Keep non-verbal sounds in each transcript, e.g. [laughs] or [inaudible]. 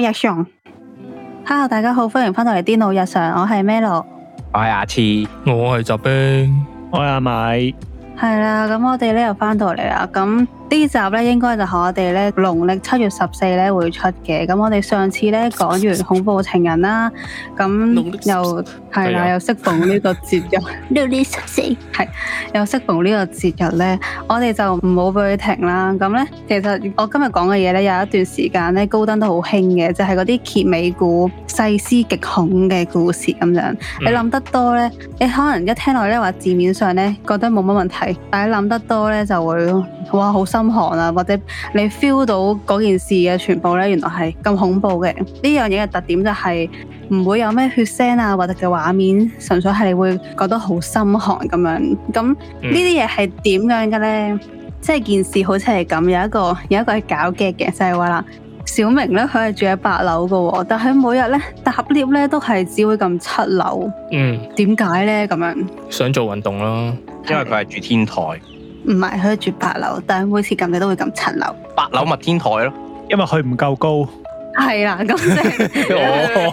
日常，哈！大家好，歡迎翻到嚟《電腦日常》，我是，are 我係 Melo，我係阿慈，我係澤兵，我係阿米，係啦，咁我哋呢又翻到嚟啦，咁。呢集咧應該就係我哋咧農曆七月十四咧會出嘅，咁我哋上次咧講完恐怖情人啦，咁又係啦，哎、呀又適逢呢個節日，六月十四，係又適逢呢個節日咧，我哋就唔好俾佢停啦。咁咧，其實我今日講嘅嘢咧，有一段時間咧高登都好興嘅，就係嗰啲揭尾故、細思極恐嘅故事咁樣。你諗得多咧，嗯、你可能一聽落咧話字面上咧覺得冇乜問題，但係諗得多咧就會哇好心寒。心寒啊，或者你 feel 到嗰件事嘅全部呢，原來係咁恐怖嘅。呢樣嘢嘅特點就係、是、唔會有咩血腥啊，或者嘅畫面，純粹係會覺得好心寒咁、嗯、樣。咁呢啲嘢係點樣嘅呢？即係件事好似係咁，有一個有一個係搞嘅嘅，就係話啦，小明呢，佢係住喺八樓嘅，但係每日呢，搭 lift 呢都係只會撳七樓。嗯，點解呢？咁樣？想做運動咯，因為佢係住天台。唔係佢住八樓，但係每次撳嘅都會撳七樓。八樓咪天台咯，因為佢唔夠高。係啦，咁即係哦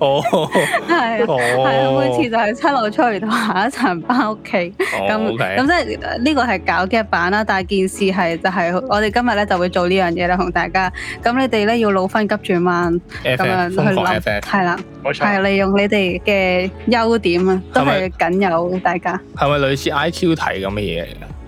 哦，係、哦、係，每次就係七樓出嚟，下一層翻屋企咁咁，即係呢個係搞 gag 版啦。但係件事係就係、係、我哋今日咧就會做呢樣嘢啦，同大家咁你哋咧要腦筋急轉彎咁樣去諗係啦，冇錯，係利用你哋嘅優點啊，都係僅有大家係咪類似 I Q 題咁嘅嘢？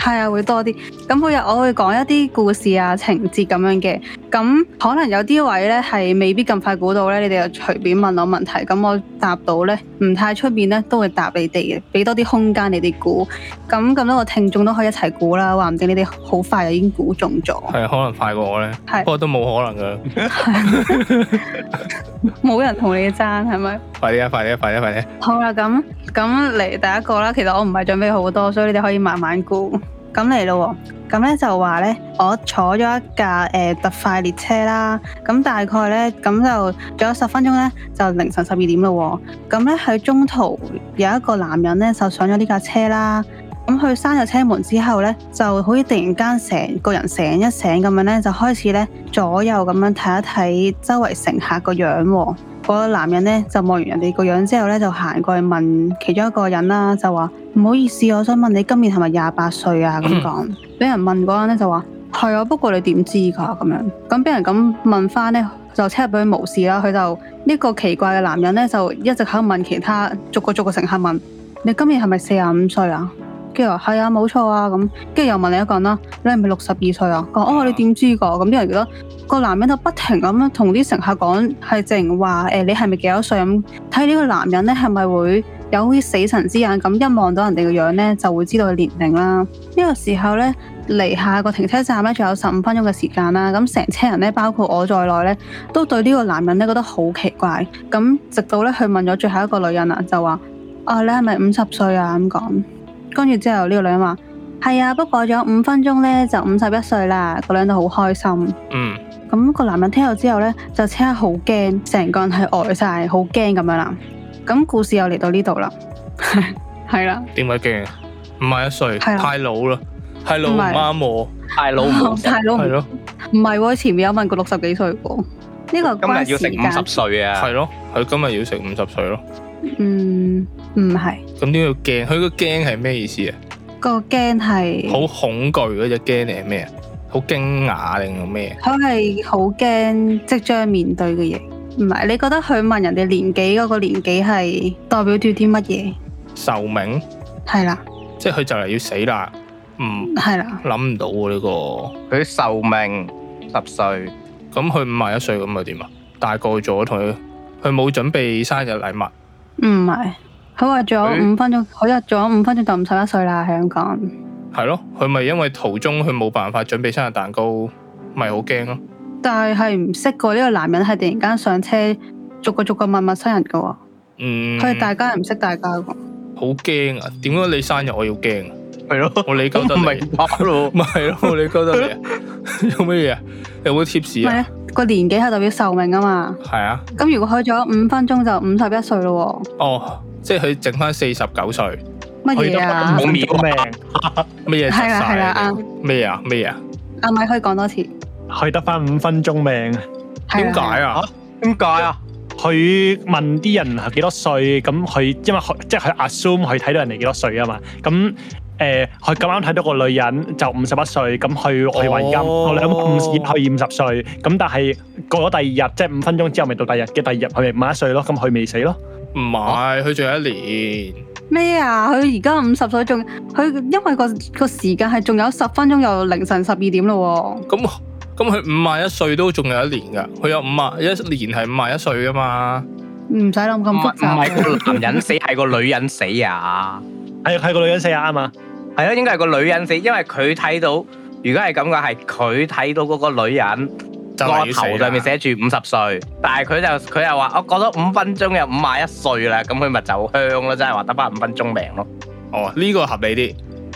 係啊，會多啲。咁每日我會講一啲故事啊、情節咁樣嘅。咁可能有啲位咧係未必咁快估到咧，你哋就隨便問我問題，咁我答到咧，唔太出面咧都會答你哋嘅，俾多啲空間你哋估。咁咁多個聽眾都可以一齊估啦，話唔定你哋好快就已經估中咗。係可能快過我咧。係是。不過都冇可能噶。冇 [laughs] [laughs] [laughs] 人同你爭係咪？快啲啊！快啲啊！快啲啊！快啲啊！好啦啊，咁咁嚟第一個啦。其實我唔係準備好多，所以你哋可以慢慢估。咁嚟咯喎，咁咧就話咧，我坐咗一架誒特快列車啦，咁大概咧，咁就仲有十分鐘咧，就凌晨十二點咯喎，咁咧喺中途有一個男人咧就上咗呢架車啦，咁佢閂咗車門之後咧，就好似突然間成個人醒一醒咁樣咧，就開始咧左右咁樣睇一睇周圍乘客個樣喎，嗰個男人咧就望完人哋個樣之後咧，就行過去問其中一個人啦，就話。唔好意思，我想問你今年係咪廿八歲啊？咁講，俾 [noise] 人問嗰陣咧就話係啊，不過你點知㗎？咁樣，咁俾人咁問翻咧，就車入俾佢無視啦。佢就呢、這個奇怪嘅男人咧，就一直喺度問其他，逐個逐個乘客問：你今年係咪四十五歲啊？跟住話係啊，冇錯啊，咁跟住又問你一個啦，你係咪六十二歲啊？ [noise] 哦，你點知㗎？咁因 [noise] 人如果、那個男人就不停咁同啲乘客講，係直情話誒，你係咪幾多歲咁？睇呢個男人咧，係咪會？有啲死神之眼，咁一望到人哋嘅樣呢，就會知道佢年齡啦。呢、呢個時候呢，離下個停車站呢，仲有十五分鐘嘅時間啦。咁成車人呢，包括我在內呢，都對呢個男人呢覺得好奇怪。咁直到呢，佢問咗最後一個女人啊，就話：啊，你係咪五十歲啊？咁講。跟住之後，呢個女人話：係啊，不過仲有五分鐘呢，就五十一歲啦。個女人都好開心。嗯。咁個男人聽到之後呢，就即刻好驚，成個人係呆晒，好驚咁樣啦。咁故事又嚟到呢度啦，係係啦。點解驚？唔係一歲，了太老啦，媽媽太老，唔啱太老，太老了，係咯，唔係喎。前面有問過、這個六十幾歲個，呢個今日要食五十歲啊，係咯，佢今日要食五十歲咯。嗯，唔係。咁點解驚？佢個驚係咩意思啊？個驚係好恐懼嗰隻驚定係咩啊？好驚訝定係咩？佢係好驚即將面對嘅嘢。唔係，你覺得佢問人哋年紀嗰個年紀係代表住啲乜嘢？壽命係啦，即係佢就嚟要死啦，嗯，係啦，諗唔到喎，呢個佢啲壽命十歲，咁佢五十一歲咁又點啊？大個咗，同佢佢冇準備生日禮物，唔係佢話仲有五分鐘，佢入咗五分鐘就五十一歲啦，香港，講。係咯，佢咪因為途中佢冇辦法準備生日蛋糕，咪好驚咯。但係係唔識，個呢個男人係突然間上車，逐個逐個問陌生人噶，嗯，佢大家係唔識大家噶，好驚啊！點解你生日我要驚？係咯，我理解得明白咯，咪係咯，我理解得有乜嘢？有冇貼士啊？個年紀係代表壽命啊嘛，係啊。咁如果去咗五分鐘就五十一歲咯，哦，即係佢剩翻四十九歲乜嘢啊？冇面啊！咩嘢？係啦係啦啊！咩啊咩啊？阿咪可以講多次。佢得翻五分鐘命，點解啊？點解啊？佢問啲人係幾多歲，咁佢因為佢即係佢 assume 佢睇到人哋幾多歲啊嘛。咁誒，佢咁啱睇到個女人就五十一歲，咁佢話而家，佢五十歲，咁但係過咗第二日，即係五分鐘之後，咪到第二日嘅第二日，佢咪五十一歲咯。咁佢未死咯？唔係，佢仲有一年咩啊？佢而家五十歲仲，佢因為個個時間係仲有十分鐘，又凌晨十二點咯。咁。咁佢五十一歲都仲有一年噶佢有五十一年係五十一歲噶嘛？唔使諗咁複雜。唔係 [laughs] 個男人死，係個女人死啊！係係個女人死啊嘛？係咯，應該係個女人死，因為佢睇到，如果係咁嘅，係佢睇到嗰個女人就個頭上面寫住五十歲，但係佢就佢又話我過咗五分鐘嘅五十一歲啦，咁佢咪走香咯，真係話得翻五分鐘命咯。哦，呢個合理啲，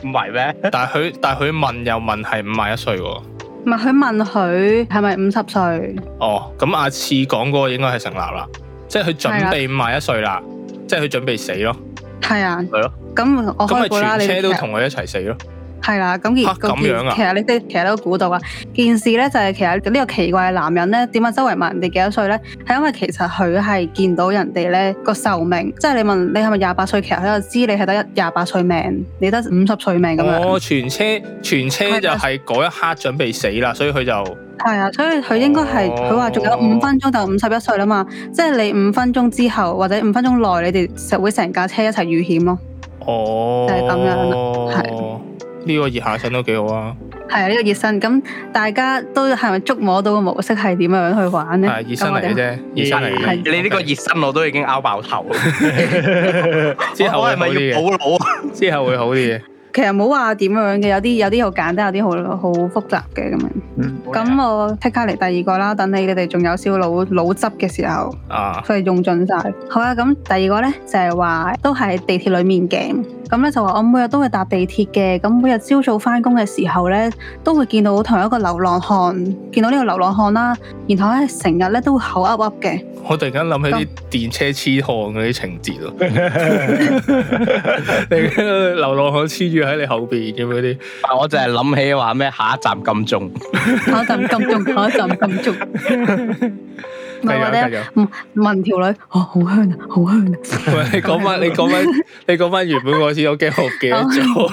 唔係咩？但係佢但係佢問又問係五十一歲喎。唔係佢問佢係咪五十歲？是是歲哦，咁阿次講嗰個應該係成立啦，即係佢準備五十一歲啦，的即係佢準備死咯。係啊的，係咯的，咁我咁咪全車都同佢一齊死咯。係啦，咁而個其實你哋其實都估到啊。件事咧就係其實呢個奇怪嘅男人咧，點解周圍問人哋幾多歲咧？係因為其實佢係見到人哋咧個壽命，即係你問你係咪廿八歲，其實佢就知你係得一廿八歲命，你得五十歲命咁樣。哦，全車全車就係嗰一刻準備死啦，所以佢就係啊，所以佢應該係佢話仲有五分鐘就五十一歲啦嘛。即係你五分鐘之後或者五分鐘內，你哋實會成架車一齊遇險咯。哦，就係咁樣，係。呢個熱下身都幾好啊！係啊，呢、呢個熱身咁，大家都係咪觸摸到個模式係點樣樣去玩呢？係熱身嚟嘅啫，熱身嚟嘅。你呢個熱身我都已經拗爆頭了， [laughs] 之後會好，係咪要補腦？之後會好啲 [laughs] 其實冇話點樣嘅，有啲有啲好簡單，有啲好好複雜嘅咁、嗯、樣。咁像我即刻嚟第二個啦，等你你哋仲有少腦腦汁嘅時候，啊，佢係用盡晒。好、嗯、啊，咁第二個咧就係、是、話都係地鐵裡面嘅。咁、嗯、咧就話我每日都會搭地鐵嘅，咁每日朝早翻工嘅時候咧，都會見到同一個流浪漢，見到呢個流浪漢啦。然後咧成日咧都會口噏噏嘅。我突然間諗起啲電車痴漢嗰啲情節咯， [laughs] [laughs] [laughs] 你流浪漢黐住。喺你後邊咁嗰啲，但我就係諗起話咩？下一站金鐘，下一站金鐘，下一站金鐘。金鐘。問條女哦，好香啊，好香啊。你講翻，你講翻，你講翻，原本我先有幾好嘅做。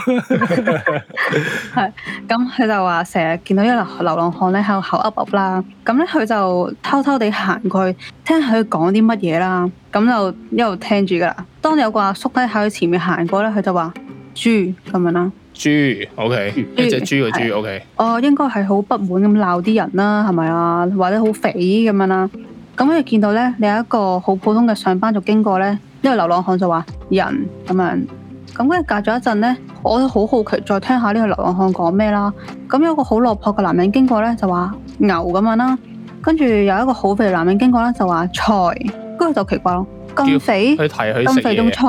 係咁，佢就話成日見到一流流浪漢咧喺度口噏噏啦。咁咧，佢就偷偷地行過去，聽佢講啲乜嘢啦。咁就一路聽住噶啦。當有個阿叔咧喺佢前面行過咧，佢就話。豬咁樣啦，豬，OK，豬一隻豬嘅豬，OK。哦、呃，應該係好不滿咁鬧啲人啦，係咪啊？或者好肥咁樣啦。咁跟住見到咧，你有一個好普通嘅上班族經過咧，呢、這個流浪漢就話人咁樣。咁跟住隔咗一陣咧，我都好好奇再聽下呢個流浪漢講咩啦。咁有一個好落魄嘅男人經過咧，就話牛咁樣啦。跟住有一個好肥嘅男人經過咧，就話菜。跟住就奇怪咯，咁肥，咁肥仲菜。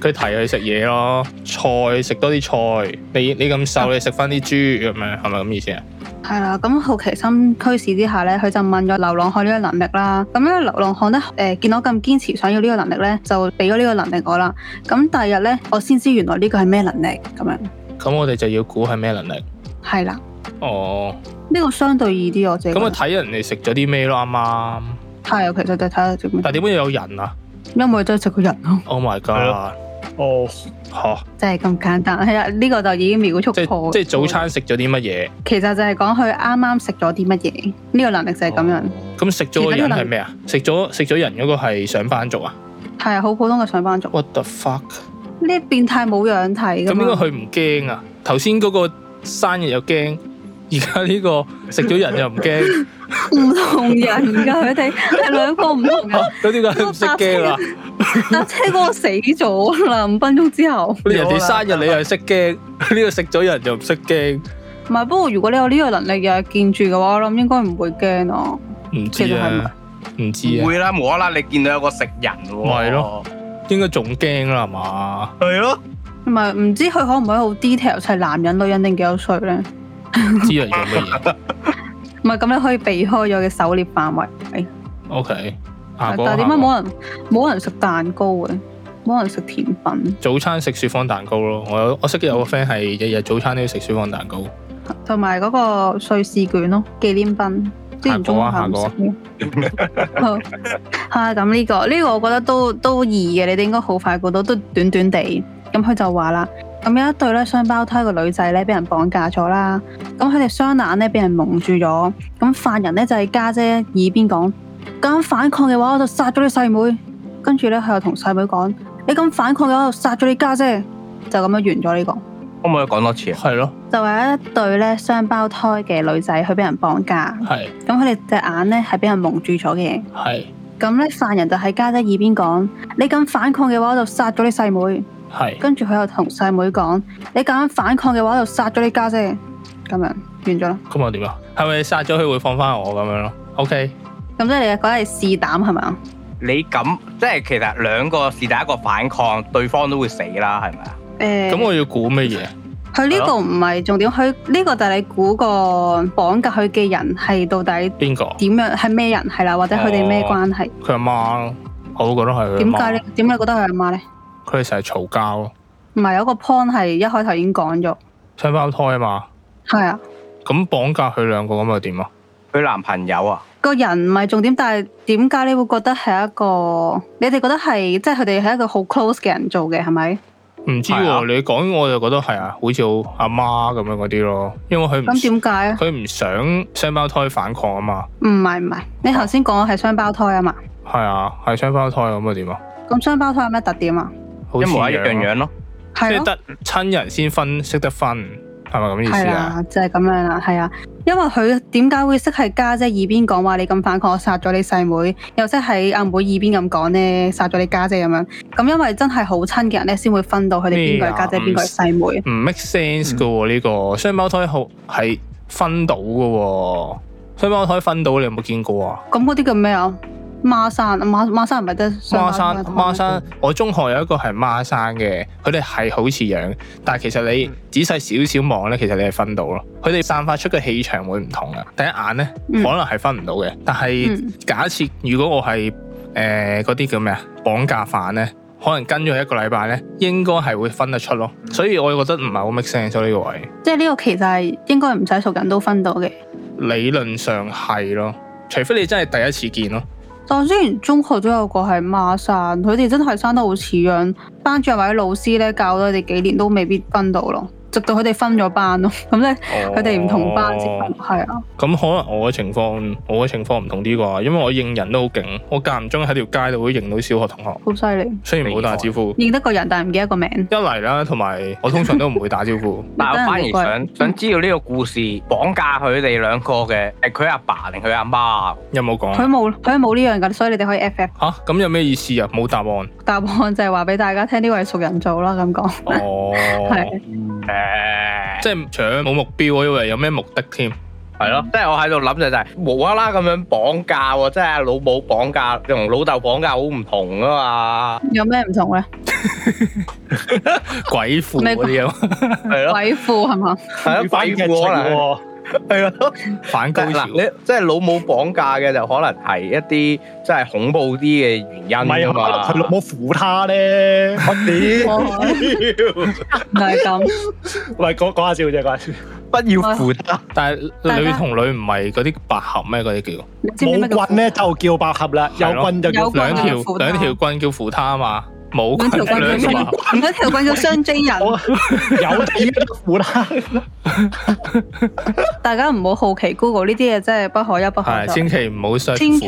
佢提佢食嘢咯，菜食多啲菜，你你咁瘦，你食翻啲豬咁樣，係咪咁意思啊？係啦，咁好奇心驅使之下咧，佢就問咗流浪漢呢個能力啦。咁呢個流浪漢咧，誒，見到咁堅持想要呢個能力咧，就俾咗呢個能力我啦。咁第日咧，我先知原來呢個係咩能力咁樣。咁我哋就要估係咩能力？係啦。哦。呢個相對易啲，我自己咁啊睇人哋食咗啲咩咯，啱啱。係啊，其實就睇食咩。但係點解有人啊？因為真係食個人咯。Oh my god！哦，嚇，真係咁簡單係啊？呢個就已經秒速破，即係早餐食咗啲乜嘢？其實就係講佢啱啱食咗啲乜嘢，呢、呢個能力就係咁樣。咁、oh. 食咗個人係咩啊？食咗食咗人嗰個係上班族啊？係啊，好普通嘅上班族。What the fuck？呢變態冇樣睇㗎嘛？咁應該佢唔驚啊？頭先嗰個生日又驚，而家呢個食咗人又唔驚，唔同人㗎，佢哋係兩個唔同人。咁點解唔識驚啦？搭車嗰個死咗啦， [laughs] 五分鐘之後。人哋生日你，你又識驚？呢個食咗人又唔識驚？唔係，不過如果你有呢個能力又日見住嘅話，我諗應該唔會驚啊。唔知啊，唔知啊，知會啦，無啦啦，你見到有個食人喎、哦，咯，應該仲驚啦嘛。係咯，唔係唔知佢可唔可以好 detail？係男人、女人定幾多歲咧？ [laughs] 知人做咩嘢？唔係咁咧，可以避開咗嘅狩獵範圍。O、okay, K，但係點解冇人冇人食蛋糕嘅？冇人食甜品。早餐食雪芳蛋糕咯，我有我識嘅有個 friend 係日日早餐都要食雪芳蛋糕，同埋嗰個瑞士卷咯，紀念品。之前行過，行過、啊。嚇、啊！咁呢個呢、呢個我覺得都都易嘅，你哋應該好快過到，都短短地。咁、嗯、佢就話啦。咁有一對咧雙胞胎個女仔咧，俾人綁架咗啦。咁佢哋雙眼咧俾人蒙住咗。咁犯人咧就喺家姐耳邊講：，咁反抗嘅話，我就殺咗你細妹。跟住咧，佢又同細妹講：，你咁反抗嘅話，就殺咗你家姐。就咁樣完咗呢個。可唔可以講多次啊？係咯。就係一對咧雙胞胎嘅女仔，去俾人綁架。係。咁佢哋隻眼咧係俾人蒙住咗嘅。係。咁咧犯人就喺家姐耳邊講：，你咁反抗嘅話，我就殺咗你細妹。係，是跟住佢又同細妹講：，你咁樣反抗嘅話，就殺咗你家姐，姐，咁樣完咗啦。咁我點啊？係咪殺咗佢會放翻我咁樣咯？OK。咁即係你覺得係試膽係咪？你咁即係其實兩個是但一個反抗，對方都會死啦，係咪啊？誒、欸，咁我要估乜嘢？佢呢個唔係重點，佢呢、這個就係你估個綁架佢嘅人係到底邊個？點樣？係咩誰人？係啦，或者佢哋咩關係？佢阿媽咯，我都覺得係佢媽。點解咧？點解覺得佢阿媽咧？佢成日嘈交咯，唔係有個 point 係一開頭已經講咗雙胞胎啊嘛，係啊，咁綁架佢兩個咁又點啊？佢男朋友啊，個人唔係重點，但係點解你會覺得係一個？你哋覺得係即係佢哋係一個好 close 嘅人做嘅係咪？唔知喎，你講我就覺得係啊，好似阿媽咁樣嗰啲咯，因為佢唔，咁點解啊？佢唔想雙胞胎反抗啊嘛？唔係唔係，你頭先講嘅係雙胞胎啊嘛？係啊，係雙胞胎咁又點啊？咁雙胞胎有咩特點啊？一模一樣樣咯，係啊，得親人先分識得分，係咪咁意思啊？即係咁樣啦，係啊，因為佢點解會識係家姐耳邊講話？你咁反抗，我殺咗你細妹，又識喺阿妹耳邊咁講咧，殺咗你家姐咁樣。咁因為真係好親嘅人咧，先會分到佢哋邊個係家姐，邊個係細妹。唔 make sense 噶，呢個雙胞胎好係分到噶。雙胞胎分到你有冇見過啊？咁嗰啲叫咩啊？孖生，孖孖生唔係得。孖生，孖生，我中學有一個係孖生嘅，佢哋係好似樣，但係其實你仔細少少望咧，其實你係分到咯。佢哋散發出嘅氣場會唔同嘅，第一眼咧可能係分唔到嘅。嗯、但係假設如果我係誒嗰啲叫咩啊綁架犯咧，可能跟咗一個禮拜咧，應該係會分得出咯。所以我覺得唔係好 make sense 呢個位。即係呢個其實係應該唔使熟人都分到嘅。理論上係咯，除非你真係第一次見咯。但之前中學都有個係孖生，佢哋真係生得好似樣，班主任或者老師咧教咗佢哋幾年都未必分到咯。直到佢哋分咗班咯，咁咧佢哋唔同班先，係、哦、啊。咁可能我嘅情況，我嘅情況唔同啲啩，因為我認人都好勁，我間唔中喺條街度會認到小學同學，好犀利。雖然冇打招呼，害認得個人但係唔記得個名。一嚟啦，同埋我通常都唔會打招呼。 [laughs] 但我反而想 [laughs] 想知道呢個故事，綁架佢哋兩個嘅係佢阿爸定佢阿媽，媽有冇講？佢冇，佢冇呢樣噶，所以你哋可以 FF。嚇咁、啊、有咩意思啊？冇答案。答案就係話俾大家聽，呢位係熟人做啦咁講。哦，係。 [laughs] 即係搶冇目標，以為有咩目的添，係咯、嗯。即係我喺度諗就係、係、無啦啦咁樣綁架，即係老母綁架，老母綁架同老豆綁架好唔同啊嘛。有咩唔同咧？鬼父嗰啲啊，係咯，鬼父係嘛？係啊的，鬼父可能。鬼父可能係啊， [laughs] 反高潮小。 [laughs] 你即係老母綁架嘅就可能係一啲即係恐怖啲嘅原因啊嘛。係老母扶他咧，我屌，唔係咁，唔係講講下笑啫，講下笑。不要扶他，哇但係女同女唔係嗰啲百合咩？嗰啲家叫冇棍咧就叫百合啦，咯有棍就叫兩條兩條棍叫扶他啊嘛。冇兩條棍叫雙精人，有啲苦啦。大家唔好好奇 Google 呢啲嘢，真係不可一不可。千祈唔好上，千祈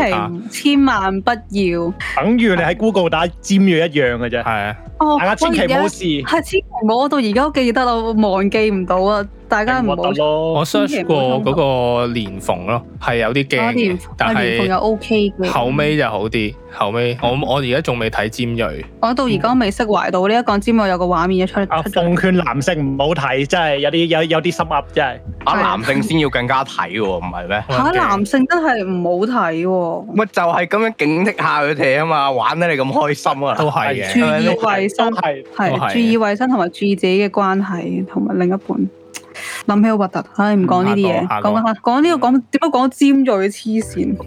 千萬不要。不要等於你喺 Google 打尖銳一樣嘅啫，係啊、嗯。哦，大家千祈唔好試，係千祈唔好，到而家記得啦，忘記唔到啊！大家唔好。我 search 過嗰個蓮蓬咯，係有啲驚，但係又 OK 嘅。後尾就好啲，後尾我我而家仲未睇尖鋭。我到而家未釋懷到呢一個尖鋭有個畫面出出。奉勸男性唔好睇，真係有啲有有啲心真係啊！男性先要更加睇喎，唔係咩？嚇！男性真係唔好睇喎。咪就係咁樣警惕下佢哋啊嘛，玩得你咁開心啊！都係嘅，係，注意衛生同埋注意自己嘅關係，同埋另一半。諗起好核突，唉，唔講呢啲嘢，講講呢個講點解講尖銳嘅黐線？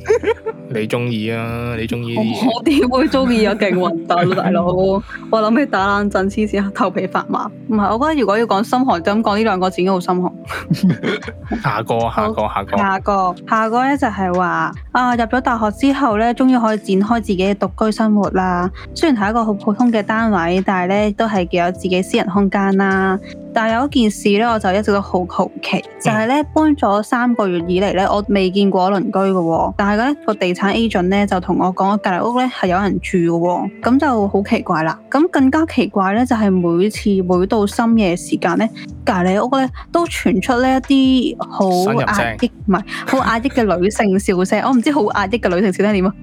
你中意啊？你中意？ [laughs] 我點會中意，有勁核突大佬！我諗起打冷震，黐線，頭皮發麻。唔係，我覺得如果要講心寒，咁講呢兩個字已經好心寒。下個，下個，下個，下個，下個咧就係話啊，入咗大學之後咧，終於可以展開自己嘅獨居生活啦。雖然係一個好普通嘅單位，但係咧都係幾有自己私人空間啦。但係有一件事咧，我就一直都好。好奇就係、是、咧搬咗三個月以嚟，咧我未見過鄰居噶，但係咧個地產 agent 咧就同我講，隔籬屋咧係有人住噶，咁就好奇怪啦。咁更加奇怪咧就係每次每到深夜時間咧，隔籬屋咧都傳出呢一啲好壓抑，唔係好壓抑嘅女性笑聲，我唔知好壓抑嘅女性笑聲點啊，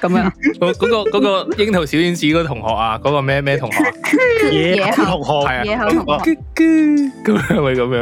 咁樣嗰嗰個嗰、那個櫻桃、那個、小丸子嗰個同學啊，嗰、那個咩咩同學、野口同學，野口同學咁樣咪咁樣。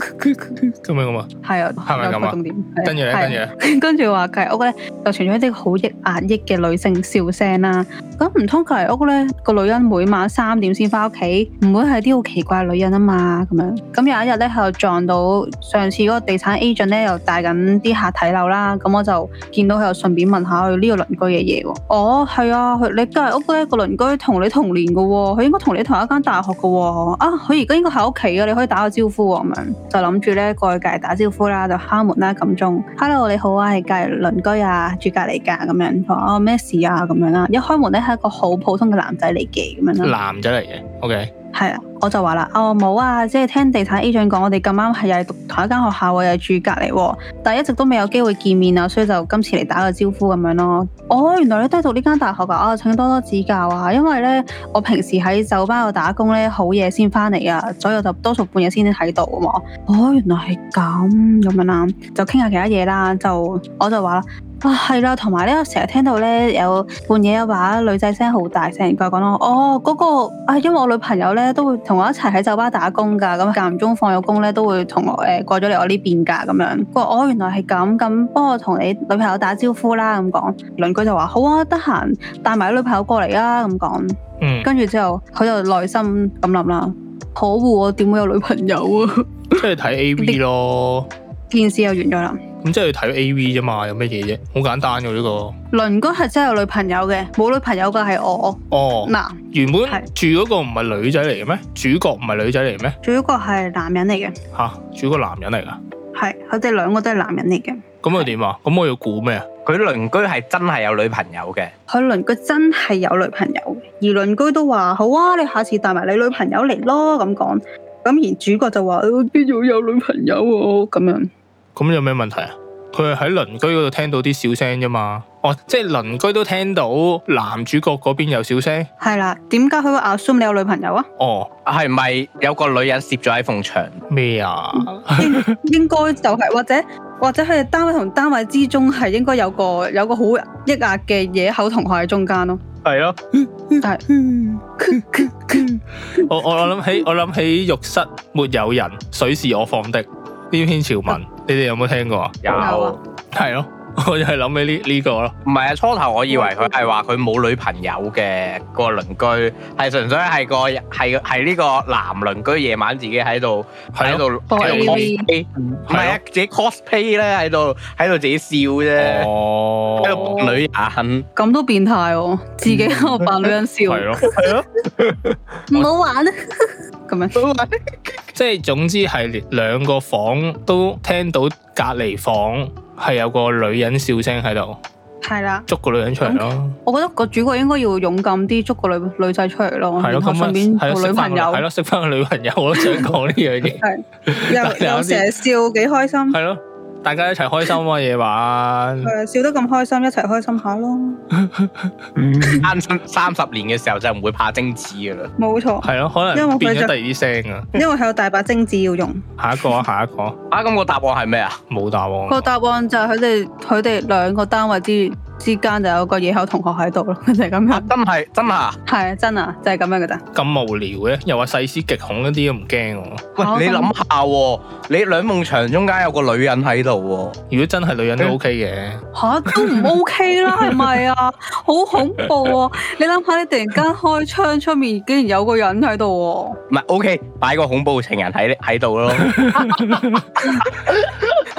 咁 [laughs] 樣噶嘛？係啊對，係咪咁啊？重點，跟住跟住咧，跟住話隔籬屋咧，就傳咗一啲好抑壓抑嘅女性笑聲啦。咁唔通隔籬屋咧個女人每晚三點先返屋企，唔會係啲好奇怪女人啊嘛？咁樣咁有一日咧，佢又撞到上次嗰個地產 agent 咧，又帶緊啲客睇樓啦。咁我就見到佢，又順便問，問下佢呢個鄰居嘅嘢喎。哦，係啊，你隔籬屋咧個鄰居同你同年噶，佢應該同你同一間大學噶。啊，佢而家應該喺屋企啊，你可以打個招呼啊，唔、啊啊就諗住咧過去隔離打招呼啦，就敲門啦，㩒鐘，hello 你好啊，係隔離鄰居啊，住隔離㗎咁樣，哦，咩事啊咁樣啦，一開門咧係一個好普通嘅男仔嚟嘅咁樣啦。男仔嚟嘅，OK。係啊，我就話啦，哦冇啊，即係聽地產 Agent 講，我哋咁啱係又係讀同一間學校喎，又住隔籬，但係一直都未有機會見面啊，所以就今次嚟打個招呼咁樣咯。哦，原來你都係讀呢間大學噶，啊、哦，請多多指教啊。因為咧，我平時喺酒吧度打工咧，好夜先翻嚟啊，所以就多數半夜先至喺度啊嘛。哦，原來係咁咁樣,樣、啊、聊聊啦，就傾下其他嘢啦，就我就話啦。啊，係啦，同埋咧，我成日聽到咧有半夜有把女仔聲好大聲，佢講我哦嗰、嗰個啊，因為我女朋友咧都會同我一齊喺酒吧打工噶，咁間唔中放咗工咧都會同我誒、欸、過咗嚟我呢邊噶咁樣。佢話我原來係咁，咁幫我同你女朋友打招呼啦咁講，鄰居就話好啊，得閒帶埋女朋友過嚟啊咁講。嗯、跟住之後佢就內心咁諗啦，可惡啊，點會有女朋友啊？即係睇 AV 咯。件事又完咗啦。咁即係睇 A.V. 啫嘛，有乜嘢啫？好簡單嘅、啊、呢、這個。鄰居係真係有女朋友嘅，冇女朋友嘅係我。哦，嗱、啊，原本住嗰個唔係女仔嚟嘅咩？主角唔係女仔嚟嘅咩？主角係男人嚟嘅。吓，主角男人嚟噶？係，佢哋兩個都係男人嚟嘅。咁又點啊？咁我要估咩啊？佢鄰居係真係有女朋友嘅。佢鄰居真係有女朋友，而鄰居都話好啊，你下次帶埋你女朋友嚟咯咁講。咁而主角就話我邊度有女朋友喎、啊、咁樣。咁有咩問題啊？佢係喺鄰居嗰度聽到啲小聲啫嘛。哦，即係鄰居都聽到男主角嗰邊有小聲。係啦，點解佢 assume 你有女朋友啊？哦，係咪有個女人攝咗喺縫牆？咩啊？ilo ị 應應該就係、是，或者或者係單位同單位之中，係應該有個有個好抑壓嘅野口同學喺中間咯、哦。係咯了，係。我我我諗起我諗起浴室沒有人，水是我放的呢 [laughs] 篇潮文。你哋有冇聽過啊？有，係咯吧，我就係諗起呢呢個咯。唔係啊，初頭我以為佢係話佢冇女朋友嘅個鄰居，係純粹係個係係呢個男鄰居夜晚自己喺度喺度 cosplay，唔係吧啊，自己 cosplay 咧喺度喺度自己笑啫，哦，喺度扮女人。咁都變態哦，自己喺度扮女人笑，係咯，係咯，唔好玩。 [laughs] 咁樣， [laughs] 即係總之係兩個房都聽到隔籬房係有個女人笑聲喺度，係啦的，捉個女人出嚟咯、嗯。我覺得個主角應該要勇敢啲，捉個女女仔出嚟咯。係咯的，咁順便的，係女朋友，係咯，識返個女朋友，我都想講呢樣嘢，係的 [laughs] 又是又成日笑，幾開心，係咯。大家一齊開心嘅，啊、玩，誒， [laughs] 笑得咁開心，一齊開心下咯。啱三十年嘅時候就唔會怕精子嘅啦，冇錯。係咯， [laughs] 可能變咗第二啲聲啊。因為係 [laughs] 有大把精子要用。下一個啊，下一個，下一個啊，咁個答案係咩啊？冇答案。個答案就係佢哋佢哋兩個單位之。之間就有個野口同學喺度咯，就係、是、咁樣。真係真啊？係啊，真啊，就係、是、咁樣噶咋？咁無聊嘅，又話細思極恐一，一啲都唔驚喎。你諗下，你兩面牆中間有個女人喺度。如果真係女人都 OK 嘅。吓是，都唔 OK 啦，係咪啊？ [laughs] 好恐怖啊！你諗下，你突然間開窗，出面竟然有個人喺度。唔係 OK，擺個恐怖情人喺喺度咯。 [laughs] [laughs]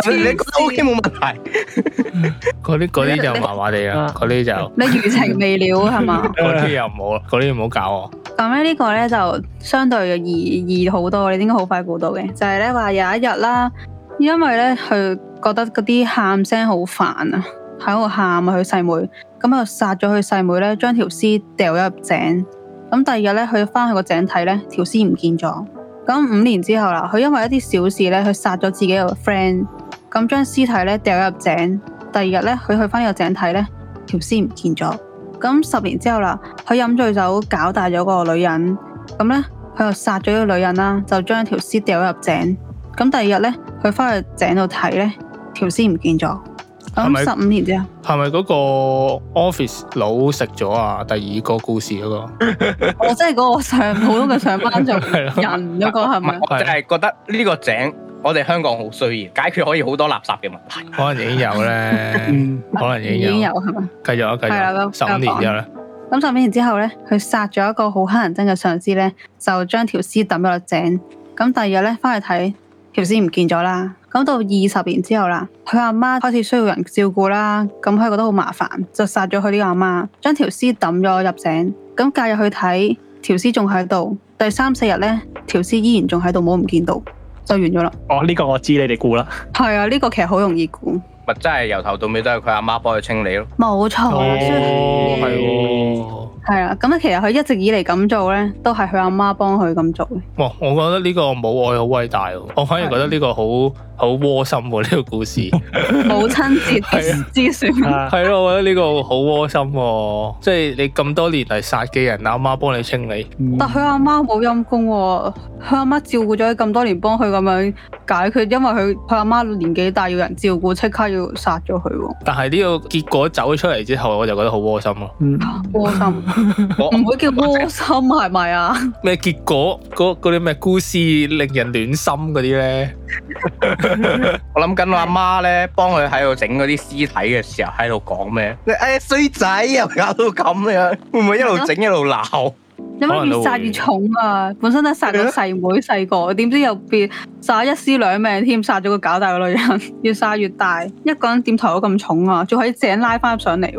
你 O K，冇問題。 [laughs] [laughs] 嗰啲啲就麻麻哋啦，嗰啲就 [laughs] 你餘情未了係嘛？嗰啲 [laughs] 又唔好啦，嗰啲唔好搞我。咁咧呢個咧就相對易易好多，你應該好快估到嘅，就係咧話有一日啦，因為咧佢覺得嗰啲喊聲好煩啊，喺度喊啊，佢細妹，妹，咁啊殺咗佢細妹咧，將條屍掉咗入井。咁第二日咧，佢翻去個井睇咧，條屍唔見咗。咁五年之後啦，佢因為一啲小事咧，佢殺咗自己個 friend。咁將屍體咧掉入井，第二日咧，佢去翻呢個井睇咧，條屍唔見咗。咁十年之後啦，佢飲醉酒搞大咗個女人，咁咧佢又殺咗呢個女人啦，就將一條屍掉入井。咁第二日咧，佢翻去井度睇咧，條屍唔見咗。咁十五年之後，係咪嗰個 office 佬食咗啊？第二個故事嗰、嗰個。 [laughs] 我即係嗰個上普通嘅上班族，人嗰個係咪？嗯、 [laughs] 我就係覺得呢個井。我哋香港好需要解決可以好多垃圾嘅問題，可能已經有咧， [laughs] 可能已經有，已經有係嘛？繼續啊，繼續，十五對年，年之後咧，咁十五年之後咧，佢殺咗一個好乞人憎嘅上司咧，就將條屍抌咗落井。咁第二日咧，翻去睇條屍唔見咗啦。咁到二十年之後啦，佢阿媽開始需要人照顧啦，咁佢覺得好麻煩，就殺咗佢呢個阿媽，將條屍抌咗入井。咁隔日去睇條屍仲喺度，第三四日咧，條屍依然仲喺度，冇唔見到。就完咗啦！哦，呢個我知你哋估啦，係 [laughs] 啊，呢個其實好容易估，咪 [laughs] 真係由頭到尾都係佢阿媽幫佢清理咯，冇錯，哦，係喎。係啦，咁咧其實佢一直以嚟咁做咧，都係佢阿媽幫佢咁做嘅。哇、哦，我覺得呢個母愛好偉大喎！的我反而覺得呢個好好窩心喎、啊，呢、這個故事。母親節之算。選。係咯，我覺得呢個好窩心、啊，即、就、係、是、你咁多年嚟殺嘅人，阿媽幫你清理。嗯、但佢阿媽冇陰功，佢阿媽照顧咗佢咁多年，幫佢咁樣解決，因為佢佢阿媽年紀大要人照顧，即刻要殺咗佢。但係呢個結果走出嚟之後，我就覺得好窩心咯、啊。嗯，窩心。 [laughs] 我唔會叫窩心係咪啊？咩 [laughs] [laughs] 結果？嗰啲咩故事令人暖心嗰啲咧？ [laughs] [laughs] 我諗緊我阿媽咧，幫佢喺度整嗰啲屍體嘅時候，喺度講咩？誒、 [laughs] 哎，衰仔又搞到咁樣，會唔會一路整 [laughs] 一路鬧？有乜越殺越重啊！本身都殺咗細妹細個，點知又變殺一屍兩命，添殺咗個搞大嘅女人，越殺越大，一個人點抬都咁重啊？仲喺井拉翻上嚟，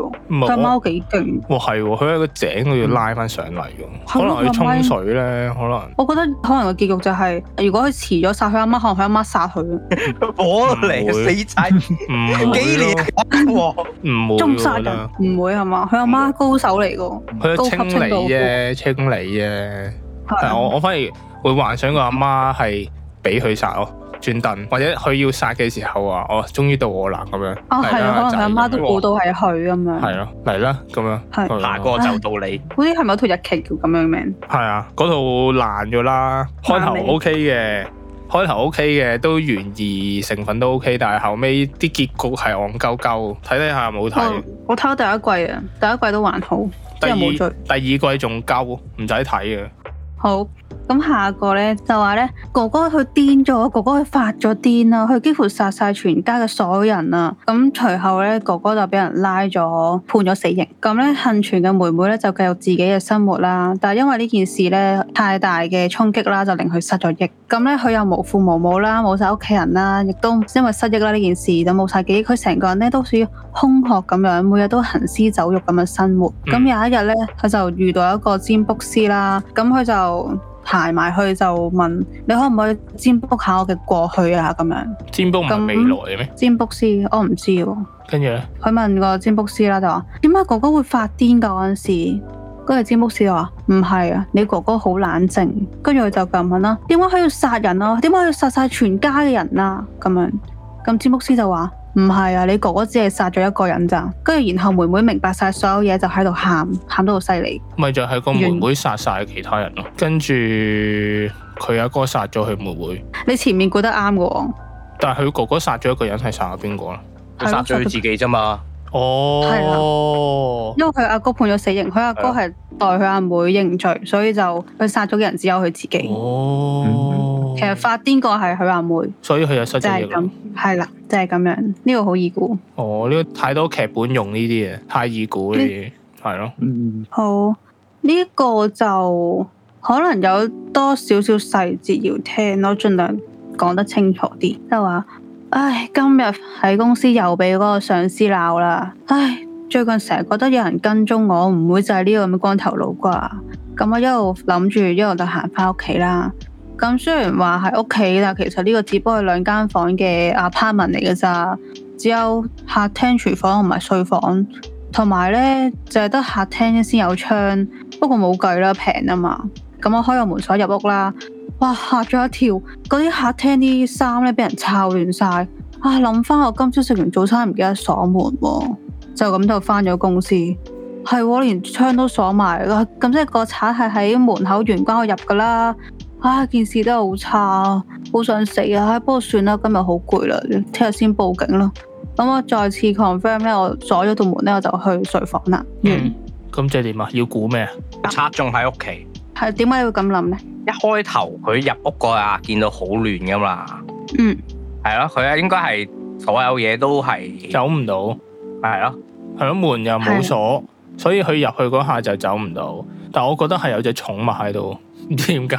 隻貓幾勁。哇，係，佢喺個井度要拉翻上嚟可能去沖水咧，可能。我覺得可能個結局就係，如果佢遲咗殺佢阿媽，可能佢阿媽殺佢。火嚟，死仔，幾年？唔會，中殺人，唔會係嘛？佢阿媽高手嚟嘅，佢清嚟嘅嚟嘅，我我反而會幻想個阿媽係俾佢殺咯，轉凳，或者佢要殺嘅時候、哦終於哦、啊，我終於到我啦咁樣。啊係的，可能佢阿媽都估到係佢咁樣。係咯，嚟啦咁樣，下個就到你。哎、好似係咪有套日劇叫咁樣名？係啊，嗰套爛咗啦，開頭 O K 嘅，開頭 O K 嘅，都懸疑成分都 O K，但係後尾啲結局係戇鳩鳩，睇睇下唔好睇。我睇到第一季啊，第一季都還好。第二第二季仲夠，唔使睇嘅。好。咁下個咧就話咧哥哥佢癲咗，哥哥佢發咗癲啦，佢幾乎殺晒全家嘅所有人啦。咁隨後咧哥哥就俾人拉咗判咗死刑。咁咧倖存嘅妹妹咧就繼續自己嘅生活啦。但係因為呢件事咧太大嘅衝擊啦，就令佢失咗憶。咁咧佢又無父無母啦，冇晒屋企人啦，亦都因為失憶啦呢件事就冇晒記憶。佢成個人咧都似空殼咁樣，每日都行屍走肉咁樣生活。咁、嗯、有一日咧，佢就遇到一個占卜師啦，咁佢就。排埋去就問，你可唔可以占卜下我嘅過去啊？咁樣占卜唔係未來咩？占卜師我唔知喎、啊。跟住咧，佢問個占卜師啦，就話點解哥哥會發癲噶嗰陣時？跟住占卜師就話唔係啊，你哥哥好冷靜。跟住佢就咁問啦，點解佢要殺人啊？點解要殺晒全家嘅人啊？咁樣咁占卜師就話。唔係啊，你哥哥只係殺咗一個人咋，跟住然後妹妹明白晒所有嘢就喺度喊，喊到好犀利。咪就係個妹妹殺晒其他人咯，完跟住佢阿哥殺咗佢妹妹。你前面估得啱嘅，但係佢哥哥殺咗一個人係殺咗邊個啊？係殺咗佢自己啫嘛？哦，係啦，因為佢阿哥判咗死刑，佢阿哥係代佢阿妹，妹認罪，了所以就佢殺咗嘅人只有佢自己。哦！嗯其實發癲個係佢阿妹，所以佢就失職咗咯。係啦了，就係、是、咁樣，呢、這個好易估。哦，呢、這個太多劇本用呢啲嘢，太易估呢啲嘢，係咯是。的嗯。好，呢、這個就可能有多少少細節要聽咯，盡量講得清楚啲。即係話，唉，今日喺公司又俾嗰個上司鬧啦。唉，最近成日覺得有人跟蹤我，唔會就係呢個咁光頭佬啩？咁我一路諗住，一路就行返屋企啦。咁雖然話係屋企，但其實呢個只不過係兩間房嘅 apartment 嚟嘅咋，只有客廳、廚房同埋睡房，同埋呢就係得客廳先有窗。不過冇計啦，平啊嘛。咁我開個門鎖入屋啦，哇，嚇咗一跳，嗰啲客廳啲衫呢俾人抄亂晒。啊，諗翻，我今朝食完早餐唔記得鎖門喎，啊，就咁就翻咗公司，係、啊、連窗都鎖埋啦。咁即係個賊係喺門口玄關我入噶啦。啊！件事都好差，好想死啊！不過算啦，今日好攰啦，聽日先報警啦。咁我再次 confirm 咧，我鎖咗道門咧，我就去睡房啦。嗯，咁即係點啊？要估咩？賊仲喺屋企？係點解要咁諗咧？一開頭佢入屋嗰下見到好亂噶嘛。嗯。係咯，佢應該係所有嘢都係走唔到。係咯，響門又冇鎖，所以佢入去嗰下就走唔到。但我覺得係有隻寵物喺度。唔知點解，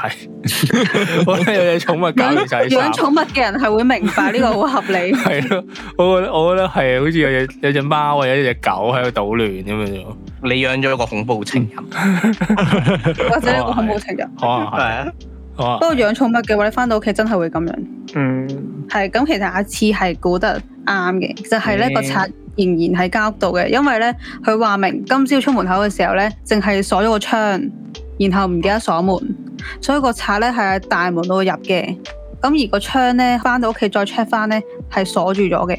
[laughs] 我覺得有隻寵物狗嚟就係，養寵 [laughs] 物嘅人係會明白呢、這個好合理。係咯， [laughs] 我覺得我覺得係，好似有隻有隻貓或者有隻狗喺度搗亂咁樣啫。你養咗一個恐怖情人， [laughs] 或者一個恐怖情人，可能係啊。不過養寵物嘅話，你翻到屋企真係會咁樣。嗯，係咁。其實阿次係估得啱嘅，就係咧個賊仍然喺間屋度嘅，因為咧佢話明今朝出門口嘅時候咧，淨係鎖咗個窗然後唔記得鎖門，嗯、所以個賊咧係喺大門度入嘅。咁而個窗咧翻到屋企再 check 翻咧係鎖住咗嘅，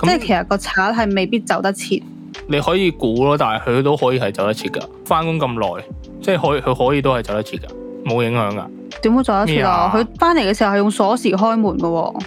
嗯、即係其實個賊係未必走得切。你可以估咯，但係佢都可以係走得切噶。翻工咁耐，即係可佢可以都係走得切噶，冇影響噶。點會走得切啊？佢翻嚟嘅時候係用鎖匙開門噶。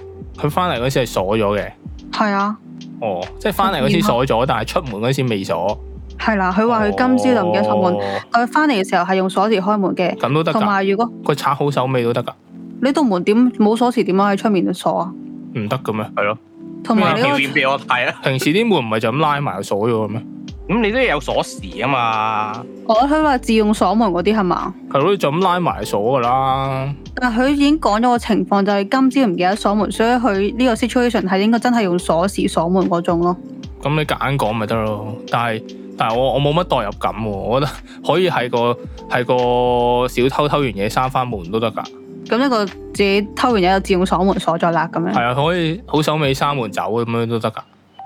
佢翻嚟嗰時係鎖咗嘅。係啊。哦、oh，即係翻嚟嗰時鎖咗，但係出門嗰時未鎖。係啦，佢話佢今朝就唔記得鎖門，佢翻嚟嘅時候係用鎖匙開門嘅，咁都得噶。同埋如果佢拆好手尾都得噶。呢度門點冇鎖匙點解喺出面度鎖，那個，啊？唔得噶咩？係咯，同埋你條片俾我睇啦。平時啲門唔係就咁拉埋鎖咗嘅咩？咁你都有鎖匙啊嘛。我覺得佢話自用鎖門嗰啲係嘛？係咯，就咁拉埋鎖噶啦。但佢已經講咗個情況，就係今朝唔記得鎖門，所以佢呢個 situation 係應該真係用鎖匙鎖門嗰種咯。咁你夾硬講咪得咯，但係。但係我我冇乜代入感喎，我覺得可以係個係個小偷偷完嘢閂翻門都得㗎。咁一個自己偷完嘢就自動鎖門鎖咗啦，咁樣。係啊，可以好手尾閂門走咁樣都得㗎。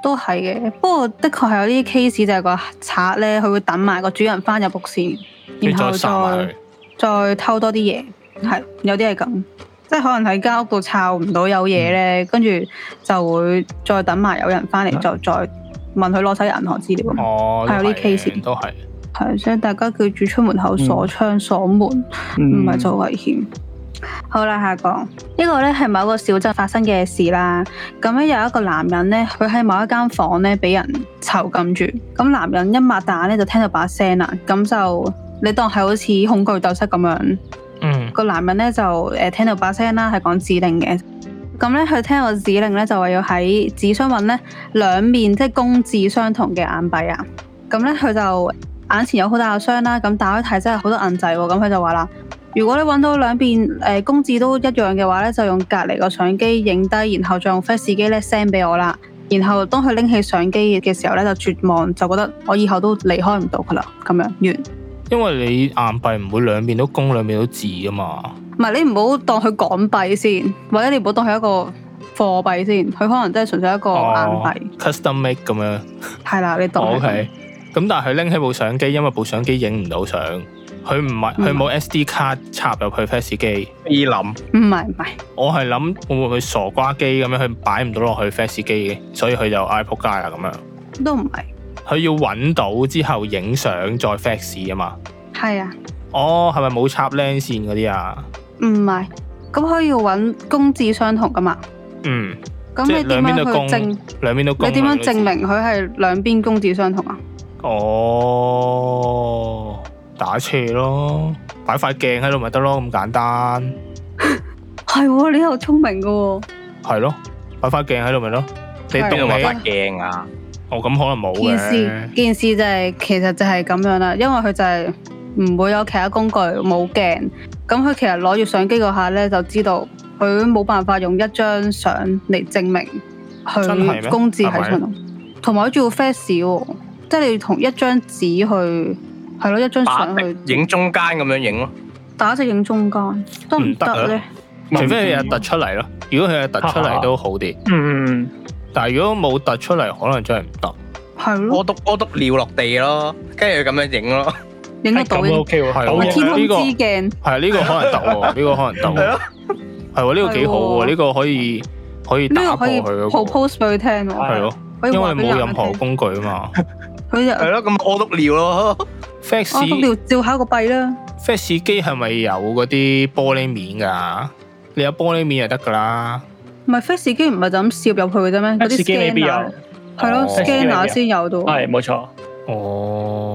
都係嘅，不過的確係有啲 case 就係個賊咧，佢會等埋個主人翻入屋先，然後再再，再偷多啲嘢。係，有啲係咁，即係可能喺間屋度抄唔到有嘢咧，跟住、嗯、就會再等埋有人翻嚟就再。對再問佢攞晒銀行資料哦，嘛，係有啲 case 都係，係所以大家叫住出門口鎖窗，嗯、鎖門，唔係就危險。嗯、好啦，下個，呢個呢個呢係某個小鎮發生嘅事啦。咁樣有一個男人呢，佢喺某一間房呢俾人囚禁住。咁男人一擘大眼呢就聽到把聲啦。咁就你當係好似恐懼鬥室咁樣。嗯。個男人呢，就誒聽到把聲啦，係講指令嘅。咁咧，佢聽我指令咧，就話要喺紙箱揾咧兩面即係公字相同嘅硬幣啊！咁咧，佢就眼前有好大個箱啦，咁打開睇真係好多銀仔喎！咁佢就話啦：如果你揾到兩邊誒、呃、公字都一樣嘅話咧，就用隔離個相機影低，然後再用 fax 機咧 send 俾我啦。然後當佢拎起相機嘅時候咧，就絕望，就覺得我以後都離開唔到佢啦，咁樣完。因為你硬幣唔會兩邊都公，兩邊都字㗎嘛。唔係你唔好當佢港幣先，或者你唔好當佢一個貨幣先，佢可能真係純粹一個硬幣。Custom make 咁樣。係啦， [laughs] 你當、哦。OK，咁、嗯、但係佢拎起部相機，因為部相機影唔到相，佢唔係佢冇 SD 卡插入去 Fax 機。而諗？唔係唔係。我係諗會唔會佢傻瓜機咁樣佢擺唔到落去 Fax 機嘅，所以佢就嗌仆街啦咁樣。都唔係。佢要揾到之後影相再 Fax 啊嘛。係啊。哦、oh，係咪冇插靚線嗰啲啊？唔係，咁可以要揾公字相同噶嘛？嗯，咁你點樣去證？兩邊都公，你點樣證明佢係兩邊公字相同啊？哦，打斜咯，擺塊鏡喺度咪得咯，咁簡單。係喎，你又聰明噶喎。係咯，擺塊鏡喺度咪得咯。你邊度買塊鏡啊？哦，咁可能冇嘅。件事件事就係其實就係咁樣啦，因為佢就係唔會有其他工具，冇鏡。咁佢其實攞住相機嗰下咧，就知道佢冇辦法用一張相嚟證明佢公字喺上面，同埋佢仲要 flash，、哦、的即係你同一張紙去，係咯一張相去影中間咁樣影咯，打即係影中間都唔得咧，除非佢 [laughs] 有突出嚟咯，如果佢有突出嚟都好啲。嗯，但係如果冇突出嚟，可能真係唔得。係咯的，屙督屙督尿落地咯，跟住佢咁樣影咯。 [laughs] 咁都 OK 喎，係咯。天空之鏡係啊，呢個可能得喎，呢個可能得。係啊，係喎，呢個幾好喎，呢個可以可以 post 去，post 俾佢聽喎。係咯，因為冇任何工具啊嘛。佢係咯，咁屙篤尿咯。Fax 尿照下個幣啦。Fax 機係咪有嗰啲玻璃面噶？你有玻璃面就得噶啦。唔係 Fax 機唔係就咁攝入去嘅啫咩？Fax 機未必有，係咯 scanner 先有到。係，冇錯。哦。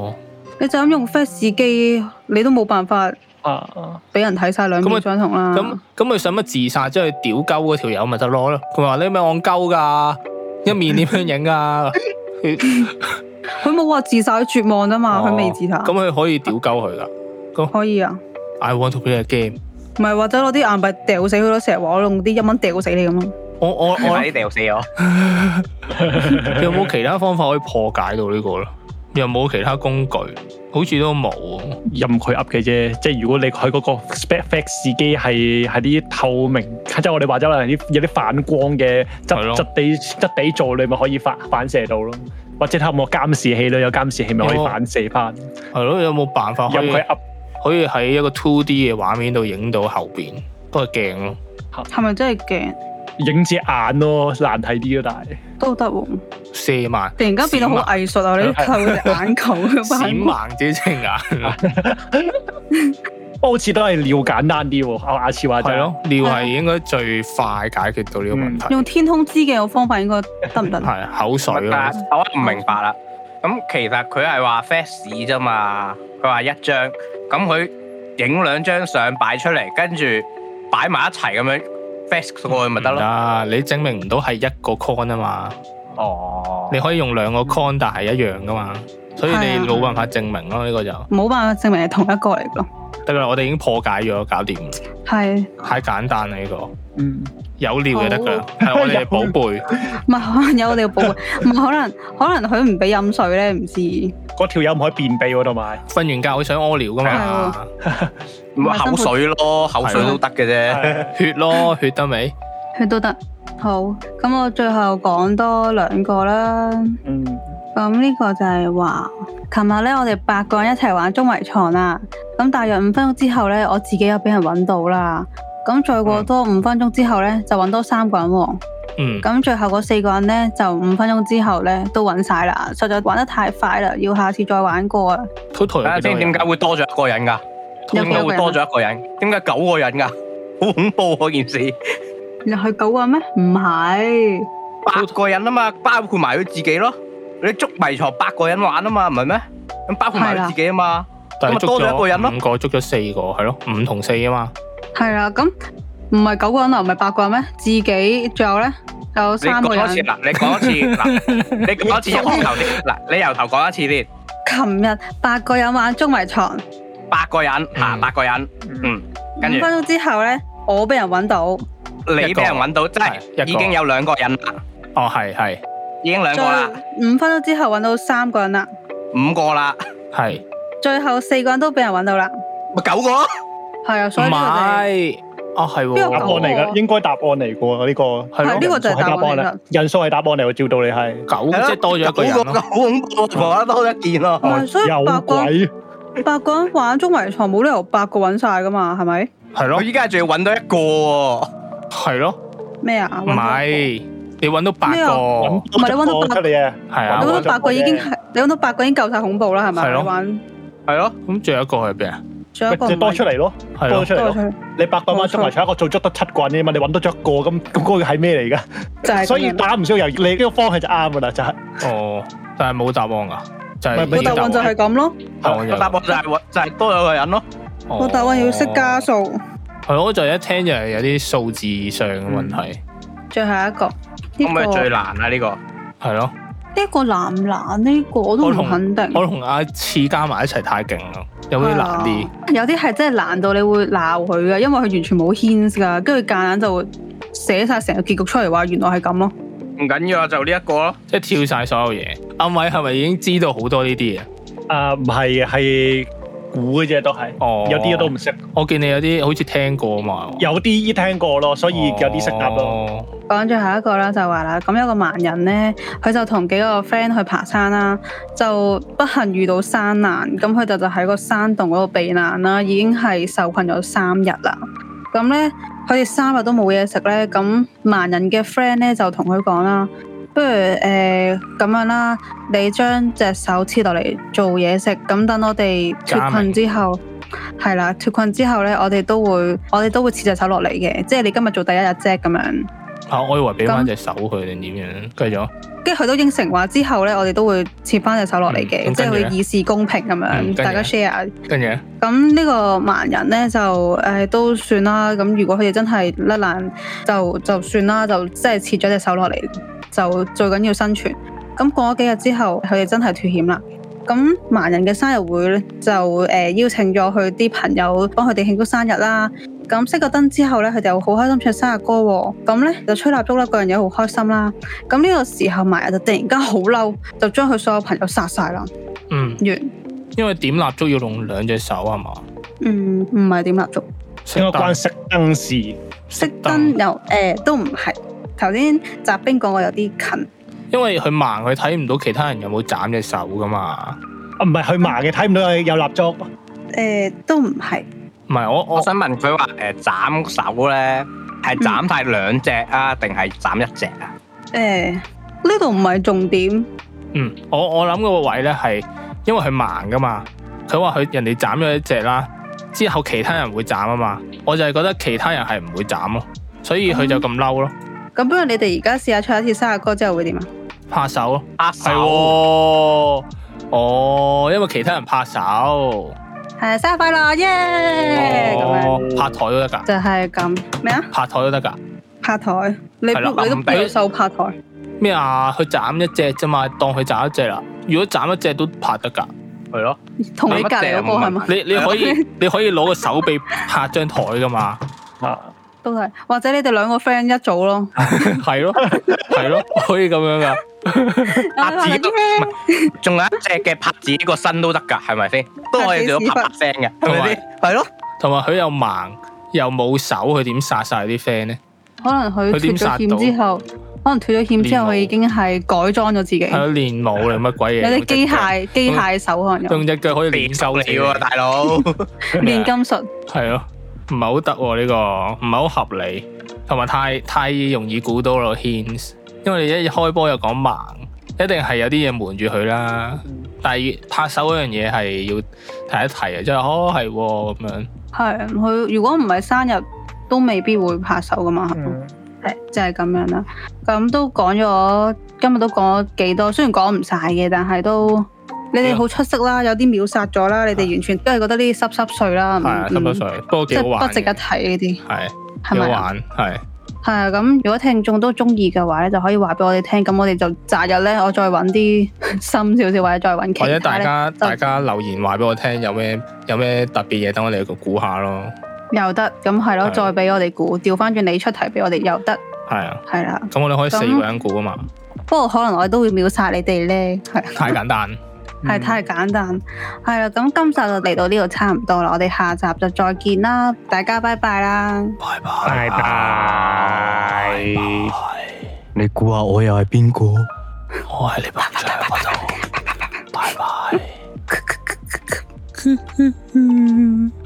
你就咁用 Flash 機，你都冇辦法俾人睇晒兩面相同啦。咁咁佢想乜自殺，即係屌鳩嗰條友咪得攞咯。佢話你咩戇鳩噶， [laughs] 一面點樣影啊？佢冇話自殺，佢絕望啊嘛。佢未自殺。咁佢可以屌鳩佢噶？咁可以啊。I want to play a game。唔係，或者攞啲硬幣掉死佢咯，成日話我用啲一蚊掉死你咁咯。我我我係你掉死我。有冇其他方法可以破解到個呢個咯？又冇其他工具，好似都冇，啊，任佢噏嘅啫。即係如果你佢嗰個 spec fax 機係係啲透明，即係我哋話咗啦，有啲反光嘅質質地質地做，你咪可以反反射到咯。或者有冇監視器咧？有監視器咪可以反射翻。係咯，有冇辦法任佢噏可以喺一個 two d 嘅畫面度影到後邊嗰個鏡咯？係咪好真係鏡？影隻眼咯，難睇啲咯，但係都得四萬。突然間變到好藝術啊！ [laughs] 你靠隻眼球，閃盲隻眼啊！ [laughs] [laughs] 好似都係尿簡單啲喎，阿阿超話就係、是、咯，尿係應該最快解決到呢個問題。嗯、用天空之鏡嘅方法應該得唔得？係 [laughs] 口水咯、啊。我唔明白啦。咁其實佢係話 fast 啫嘛，佢話一張，咁佢影兩張相擺出嚟，跟住擺埋一齊咁樣。best 過佢咪得咯？啊，你證明唔到係一個 con 啊嘛。哦，oh. 你可以用兩個 con，mm hmm. 但係一樣噶嘛。所以你冇辦法證明咯，呢的個就冇辦法證明係同一個嚟咯。得啦，我哋已經破解咗，搞掂。係的太簡單啦，呢、這個嗯。有尿就得噶，係的我哋嘅寶貝。唔係 [laughs] [laughs] 可能有我哋嘅寶貝，唔係可能可能佢唔俾飲水咧，唔知。嗰條友唔可以便秘嗰度埋。瞓完覺佢想屙尿噶嘛？ [laughs] 口水咯，口水都得嘅啫， [laughs] 血咯，血得未？血都得。好，咁我最後講多兩個啦。嗯。咁呢個就係、是、話，琴日咧我哋八個人一齊玩中迷床捉迷藏啦。咁大約五分鐘之後咧，我自己又俾人揾到啦。咁再過多五分鐘之後咧，就揾多三個人喎。嗯，咁最後嗰四個人咧，就五分鐘之後咧都揾晒啦。實在玩得太快啦，要下次再玩過啊。都同，即係點解會多咗一個人噶？點解會多咗一個人？點解九個人噶？好恐怖嗰件事。又係九個咩？唔係，八個人啊嘛，包括埋佢自己咯。你捉迷藏八個人玩啊嘛，唔係咩？咁包括埋佢自己啊嘛。咁啊，多咗一個人咯。五個捉咗四個，係咯，五同四啊嘛。係啦，咁唔係九個人啊，唔係八個人咩？自己，仲有咧有三個人。你講一次，你講一次啦，你講一次由頭先。嗱，你由頭講一次先。琴日八個人玩捉迷藏，八個人，吓八個人，嗯。跟住五分鐘之後咧，我俾人揾到，你俾人揾到，即係已經有兩個人啦。哦，係係，已經兩個啦。五分鐘之後揾到三個人啦，五個啦，係。最後四個人都俾人揾到啦，咪九個。係啊，所以唔係啊，係答案嚟噶，應該答案嚟噶，呢個係咯，呢個就係答案啦。人數係答案嚟，我照到你係九，即係多咗一個好恐怖，玩多一件啦。所以八個八個人玩捉迷藏，冇理由八個揾晒噶嘛，係咪？係咯，依家仲要揾到一個，係咯咩啊？唔係你揾到八個，唔係你揾到八個出嚟啊？係啊，你揾到八個已經，你揾到八個已經夠晒恐怖啦，係咪？係咯，係咯，咁仲有一個喺邊啊？即係多出嚟咯，多出嚟咯。你八百蚊捉埋，除一個做足得七棍啫嘛，你搵多捉個咁咁嗰個係咩嚟噶？所以打唔少油，你呢個方向就啱噶啦，就係。哦，但係冇答案噶，就係冇答案，就係咁咯。個答案就係就係多咗個人咯。個答案要識加數。係咯，就係一聽就係有啲數字上嘅問題。最後一個呢個。咁咪最難啦？呢個係咯。呢個難唔難？呢、這個我都唔肯定。我同阿次加埋一齊太勁啦，有啲難啲。Uh, 有啲係真係難到你會鬧佢噶，因為佢完全冇 hint 噶，跟住夾硬就寫晒成個結局出嚟，話原來係咁咯。唔緊要，這個、啊，就呢一個咯，即係跳晒所有嘢。阿偉係咪已經知道好多呢啲嘢？啊，唔係，係。估嘅啫，都係、oh. 有啲都唔識。我見你有啲好似聽過嘛，有啲聽過咯，所以有啲識答咯。講緊下一個啦，就話啦，咁有個盲人呢，佢就同幾個 friend 去爬山啦，就不幸遇到山難，咁佢就就喺個山洞嗰度避難啦，已經係受困咗三日啦。咁呢，佢哋三日都冇嘢食呢。咁盲人嘅 friend 呢，就同佢講啦。不如誒咁、呃、樣啦，你將隻手切落嚟做嘢食，咁等我哋脫困之後，係民啦，脫困之後咧，我哋都會我哋都會切隻手落嚟嘅，即係你今日做第一日啫，咁樣。嚇、啊，我以為俾翻隻手佢定點樣？繼續跟住佢都應承話之後咧，我哋都會切翻隻手落嚟嘅，即係、嗯、會以示公平咁樣，嗯、大家 share 跟住。咁呢個盲人咧就誒都算啦，咁如果佢哋真係甩難就就，就算啦，就即係切咗隻手落嚟。就最緊要生存，咁過咗幾日之後，佢哋真係脫險啦。咁盲人嘅生日會咧，就誒、呃、邀請咗佢啲朋友幫佢哋慶祝生日啦。咁熄個燈之後咧，佢哋好開心唱生日歌，哦，咁咧就吹蠟燭啦，個人又好開心啦。咁呢個時候盲人就突然間好嬲，就將佢所有朋友殺晒啦。嗯，完。因為點蠟燭要用兩隻手係嘛？嗯，唔係點蠟燭，應該關熄燈事。熄燈又誒都唔係。頭先澤兵講我有啲近，因為佢盲，佢睇唔到其他人有冇斬隻手噶嘛。啊，唔係佢盲嘅，睇唔、嗯、到佢有蠟燭。誒、欸，都唔係。唔係我，我想問佢話，誒，斬手咧係斬晒兩隻啊，定係斬一隻啊？誒，呢度唔係重點。嗯，我我諗個位咧係，因為佢盲噶嘛，佢話佢人哋斬咗一隻啦，之後其他人會斬啊嘛。我就係覺得其他人係唔會斬咯，所以佢就咁嬲咯。咁不如你哋而家試下唱一次生日歌之後會點啊？拍手咯，係哦，哦，因為其他人拍手，係生日快樂耶！咁樣哦，拍台都得噶？就係咁咩啊？拍台都得噶？拍台，你你都舉手拍台咩啊？佢斬一隻啫嘛，當佢斬一隻啦。如果斬一隻都拍得噶？係咯。同你隔籬嗰個係咪？你你可以你可以攞個手臂拍張台噶嘛？啊。都係，或者你哋兩個 friend 一組咯，係咯，係咯，可以咁樣噶，拍子都，仲有一隻嘅拍子個身都得噶，係咪 friend？都可以做拍 friend 嘅，係咪先？係咯，同埋佢又盲又冇手，佢點殺晒啲 friend 咧？可能佢脫咗險之後，可能脫咗險之後，佢已經係改裝咗自己，係練武定乜鬼嘢？有啲機械機械手可能用，用隻腳可以練手你喎，大佬練金術，係咯。唔係好得喎呢個，唔係好合理，同埋太太容易估到咯，Hans。 [noise] 因為你一開波又講盲，一定係有啲嘢瞞住佢啦。但係拍手嗰樣嘢係要提一提啊，即係哦係咁樣。係佢如果唔係生日，都未必會拍手噶嘛，係、嗯。誒就係咁樣啦。咁都講咗，今日都講咗幾多，雖然講唔晒嘅，但係都。你哋好出色啦，有啲秒殺咗啦，你哋完全都係覺得呢啲濕濕碎啦，係濕濕碎，不過幾好玩，即係不值一睇。呢啲，係好玩，係係啊，咁如果聽眾都中意嘅話咧，就可以話俾我哋聽，咁我哋就隔日咧，我再揾啲深少少或者再揾其他，或者大家大家留言話俾我聽，有咩有咩特別嘢等我哋去估下咯，又得，咁係咯，再俾我哋估，調翻轉你出題俾我哋又得，係啊，係啦，咁我哋可以四個人估啊嘛，不過可能我哋都會秒殺你哋咧，係太簡單。係、嗯、太簡單，係啦，咁今集就嚟到呢度差唔多啦，我哋下集就再見啦，大家拜拜啦，拜拜，拜拜！你估下我又係邊個？我係你爸爸！拜拜！拜拜！拜拜。